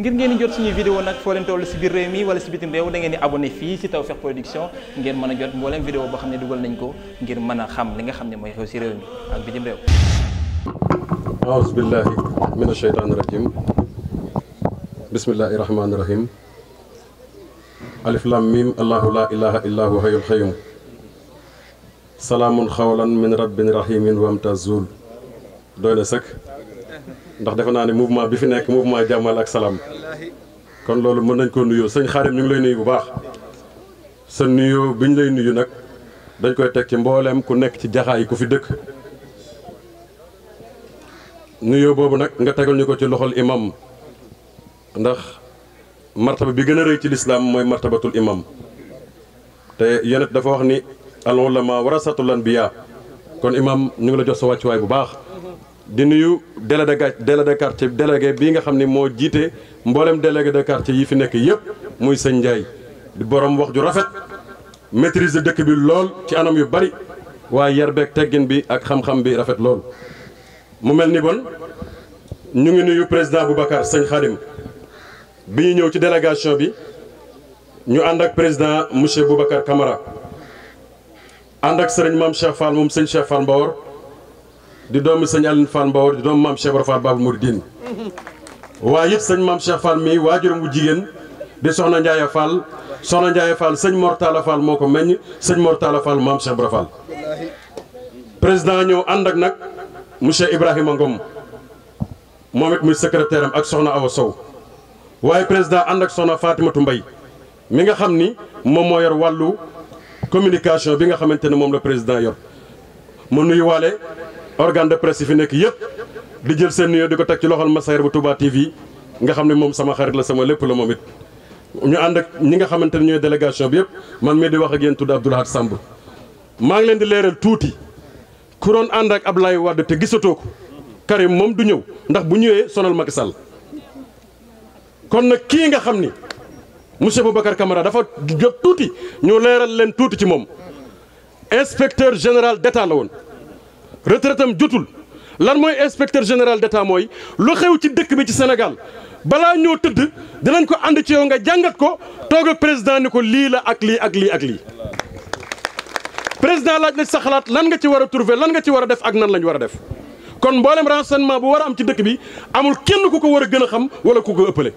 ngir ngeen di jot suñuy vidéo nag foo leen toll si biir réew mi wala si bitim réew da ngeen di abonné fii si Tawfekh Production ngeen mën a jot mboolem vidéo boo xam ne dugal nañ ko ngir mën a xam li nga xam ne mooy xew si réew mi ak bitim réew aouzu billahi mina sheytaani rajim bismillahi rahmaani rahim alif lam mim allahu la ilaha illa huwa hayyul qayyum xawlan min rabbin rahimin wa amtazul doy na sëkk ndax defe naa ne mouvement bi fi nekk mouvement jàmmal ak salaam kon loolu mën nañ koo nuyoo sëñ Xaadim ñu ngi lay nuyu bu baax sa nuyu bi ñu lay nuyu nag dañ koy teg ci mbooleem ku nekk ci jaxaay ku fi dëkk nuyoo boobu nag nga tegal ñu ko ci loxol imam ndax martaba bi gën a rëy ci lislaam mooy martabatul imam te yonent dafa wax ni al ulama warasatul anbiya kon imam ñu ngi la jox sa wàccuwaay bu baax di nuyu délégué de délégué de quartier délégué bii nga xam ni moo jiite mboolem délégué de quartier yi fi nekk yëpp muy sëñ Ndiaye di borom wax ju rafet maîtrise dëkk bi lool ci anam yu bari waaye yar beeg teggin bi ak xam-xam bi rafet lool. mu mel ni bon ñu ngi nuyu président Boubacar sëñ Khadim bi ñu ñëw ci délégation bi ñu ànd ak président monsieur Boubacar Camara ànd ak sëriñ maam Cheikh Fall moom sëñ Cheikh Fall di doomi sëñ Aline Fall Mbawar di doomi maam Cheikh Ibra Fall Babul Mouridine waaye it sëñ maam Cheikh Fall mii waajuram wu jigéen di soxna Ndiaye Fall soxna Ndiaye Fall sëñ Mortala Fall moo ko meññ sëñ Mortala Fall maam Cheikh Ibra Fall ñëw ànd ak nag monsieur Ibrahima Ngom moom it muy secrétaire ak soxna Awa Sow waaye président ànd ak soxna Fatimatu Mbay mi nga xam ni moom moo yor wàllu communication bi nga xamante ne moom la président yor mu organe de presse yi fi nekk yëpp di jël seen nuyoo di ko teg ci loxol Massar bu Touba TV nga xam ne moom sama xarit la sama lépp la moom it ñu ànd ak ñi nga xamante ne ñooy délégation bi yëpp man mii di wax a yéen tudd Abdou Lahad Samb maa ngi leen di leeral tuuti ku doon ànd ak Ablaye Wade te gisatoo ko Karim moom du ñëw ndax bu ñëwee sonal Macky sal kon nag kii nga xam ni monsieur Boubacar Camara dafa jot tuuti ñu leeral leen tuuti ci moom inspecteur général d'état la woon retraitam jotul lan mooy inspecteur général d'état mooy lu xew ci dëkk bi ci Sénégal balaa ñëw tëdd dinañ ko ànd ci yow nga jàngat ko toog ak ni ko lii la ak lii ak lii ak lii. président laaj la sa xalaat lan nga ci war a trouver lan nga ci war a def ak nan la ñu war a def kon mboolem renseignement bu war a am ci dëkk bi amul kenn ku ko war a gën a xam wala ku ko ëppale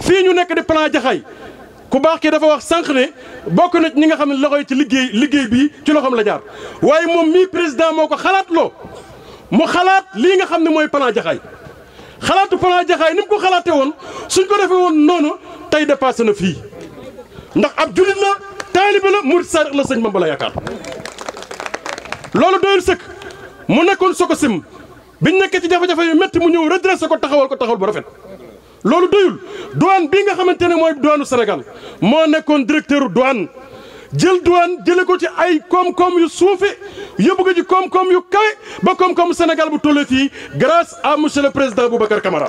fii ñu nekk di plan jaxaay ku baax kii dafa wax sànq ne bokk nañ ñi nga xam ne loxo yi ci liggéey liggéey bii ci loxoom la jaar waaye moom mii président moo ko xalaat loo mu xalaat lii nga xam ne mooy plan jaxaay xalaatu plan jaxaay ni mu ko xalaatee woon suñ ko defee woon noonu tey dépassé na fii ndax ab jullit la taalibe la murid saadiq la sëñ Bamba la yaakaar loolu doyul sëkk mu nekkoon Sococim biñ nekk ci jafe-jafe yu métti mu ñëw rek redressé ko taxawal ko taxawal bu rafet. loolu doyul douane bii nga xamante ne mooy douane senegal moo nekkoon directeur douane jël douane jële ko ci ay koom-koom yu suufi yóbbu ko ci koom-koom yu kawe ba koom-koomu Sénégal bu tollee fii grace a monsieur le président Boubacar Camara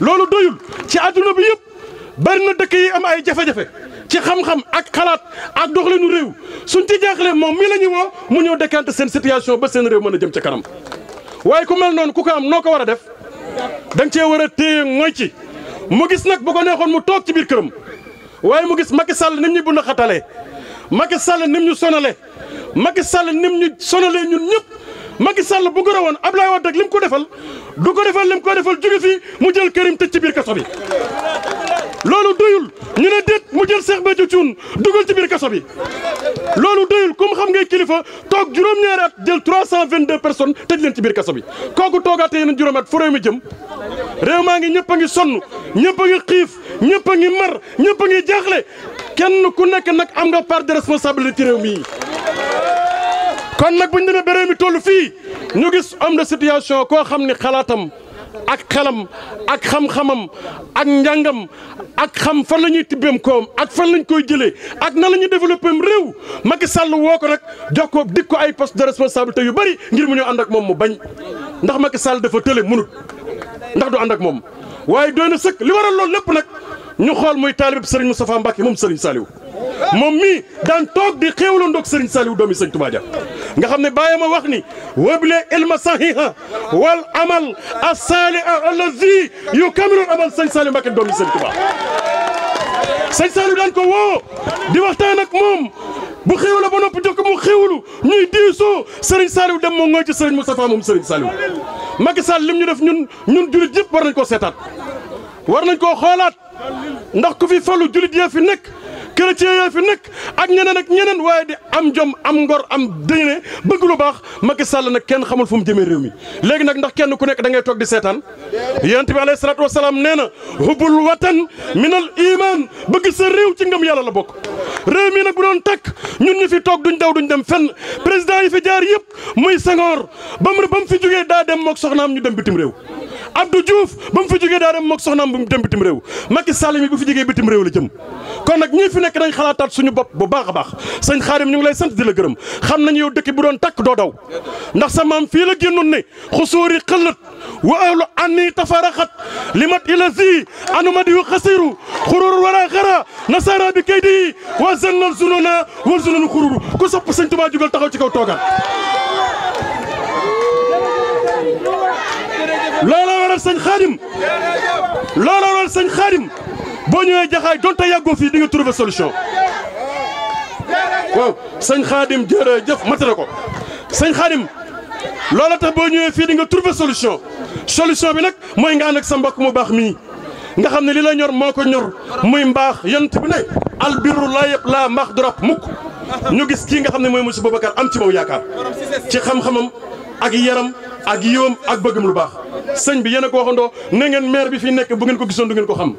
loolu doyul ci àdduna bi yëpp bari na dëkk yi am ay jafe-jafe ci xam-xam ak xalaat ak nu réew suñ ci jaaxlee moom mii la ñu woo mu ñëw décanter seen situation ba seen réew mën a jëm ca kanam waaye ku mel noonu ku ko am noo ko war a def. dañ cee war a téye mooy ci mu gis nag bu ko neexoon mu toog ci biir këram waaye mu gis Macky Sall nim ñu bund xatalee Macky Sall nim ñu sonalee Macky Sall nim ñu sonalee ñun ñëpp Macky Sall bu gën a woon Abdoulaye Wade ak lim ko defal du ko defal lim ko defal jóge fii mu jël kërim tëj ci biir kaso bi loolu doyul. ñu ne déet mu jël Cheikh Béthio Thioune dugal ci biir kaso bi loolu doyul comme xam ngay kilifa toog juróom-ñaari at jël 322 personnes tëj leen ci biir kaso bi kooku toogaatee yeneen juróom at fu réew mi jëm réew maa ngi ñëpp a ngi sonn ñëpp a ngi xiif ñëpp a ngi mar ñëpp a ngi jaaxle kenn ku nekk nag am nga part de responsabilité réew mi kon nag bu ñu demee ba réew mi toll fii ñu gis am na situation koo xam ni xalaatam. ak xelam ak xam-xamam ak njàngam ak xam fan la ñuy tibbeem koom ak fan lañ koy jëlee ak na la ñuy développé réew Macky sàll woo ko rek jox ko dik ko ay poste de responsabilité yu bari ngir mu ñëw ànd moom mu bañ ndax Macky Sall dafa tële munut ndax du ànd ak moom waaye doy na sëkk li waral loolu lépp nag ñu xool muy taalib Serigne Moustapha Mbacke moom Serigne Saliou moom mii daan toog di xéewlandoog Serigne Saliou doomi Serigne Touba Dia nga xam ne bàyyi ma wax ni wabile ilma sahiha wal amal as-salih allazi yukamilu amal sëñ Saliou Mbacké doomi sëñ Tuubaa sëñ Saliou daan ko woo di waxtaan ak moom bu xéwla ba noppi jokk mu xéwlu ñuy diisoo Serigne Saliou dem moo ngooy ci Serigne Moustapha moom Serigne Saliou Macky Sall lim ñu def ñun ñun jullit war nañ koo seetaat war nañ koo xoolaat ndax ku fi falu jullit yee nekk chrétien yaa fi nekk ak ñeneen ak ñeneen waaye di am jom am ngor am diine bëgg lu baax Macky Sall na kenn xamul fu mu jëmee réew mi léegi nag ndax kenn ku nekk da ngay toog di seetaan yonent mi alayhi salaatu wasalaam nee na hubbul watan minal iman bëgg sa réew ci ngëm yàlla la bokk réew mi nag bu doon takk ñun ñi fi toog duñ daw duñ dem fenn président yi fi jaar yëpp muy Senghor ba mu ba mu fi jógee daa dem mook soxnaam ñu dem bitim réew Abdou Diouf ba mu fi jógee daa dem moog soxnaam bu mu dem bitim réew Macky Sall mi bu fi jógee bitim réew la jëm kon nag ñii fi nekk dañ xalaataat suñu bopp bu baax a baax sëñ Xaadim ñu ngi lay sant di la gërëm xam nañu yow dëkk bu doon takk doo daw ndax sa maam fii la génnoon ne xusuuri xëllat wa ahlu anni tafaraxat limat ila zi anumadi yu xasiru xurur wara xara nasara bi kaydi wa zannal zununa wa zununu xururu ku sopp sëñ Tuubaa jugal taxaw ci kaw toogal looloo sëñ Xaadim looloo lool sëñ Xaadim boo ñëwee jaxaay donte yàggoo fii di nga trouver solution waaw sëñ Xaadim jërëjëf mat na ko sëñ Xaadim loola tax boo ñëwee fii di nga trouver solution solution bi nag mooy nga ànd sa mbokk mu baax mii nga xam ne li ñor moo ko ñor muy mbaax yant bi ne albirru laa yëpp laa mbaax drop mukk ñu gis kii nga xam ne mooy monsieur Boubacar am ci moom yaakaar ci xam-xamam ak yaram ak yiwam ak bëggam lu baax sëñ bi yéen a ko waxandoo ne ngeen maire bi fi nekk bu ngeen ko gisoon du ngeen ko xam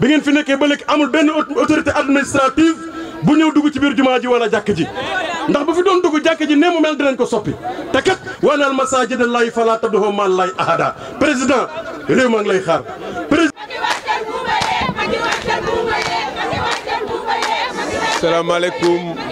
bi ngeen fi nekkee ba léegi amul benn autorité administrative bu ñëw dugg ci biir jumaa ji wala jàkk ji ndax bu fi doon dugg jàkk ji ne mu mel dinañ ko soppi te kat wanal masaajida laahi falaa tad'uu ma'a llaahi ahadaa président réew maa lay xaar salaamaaleykum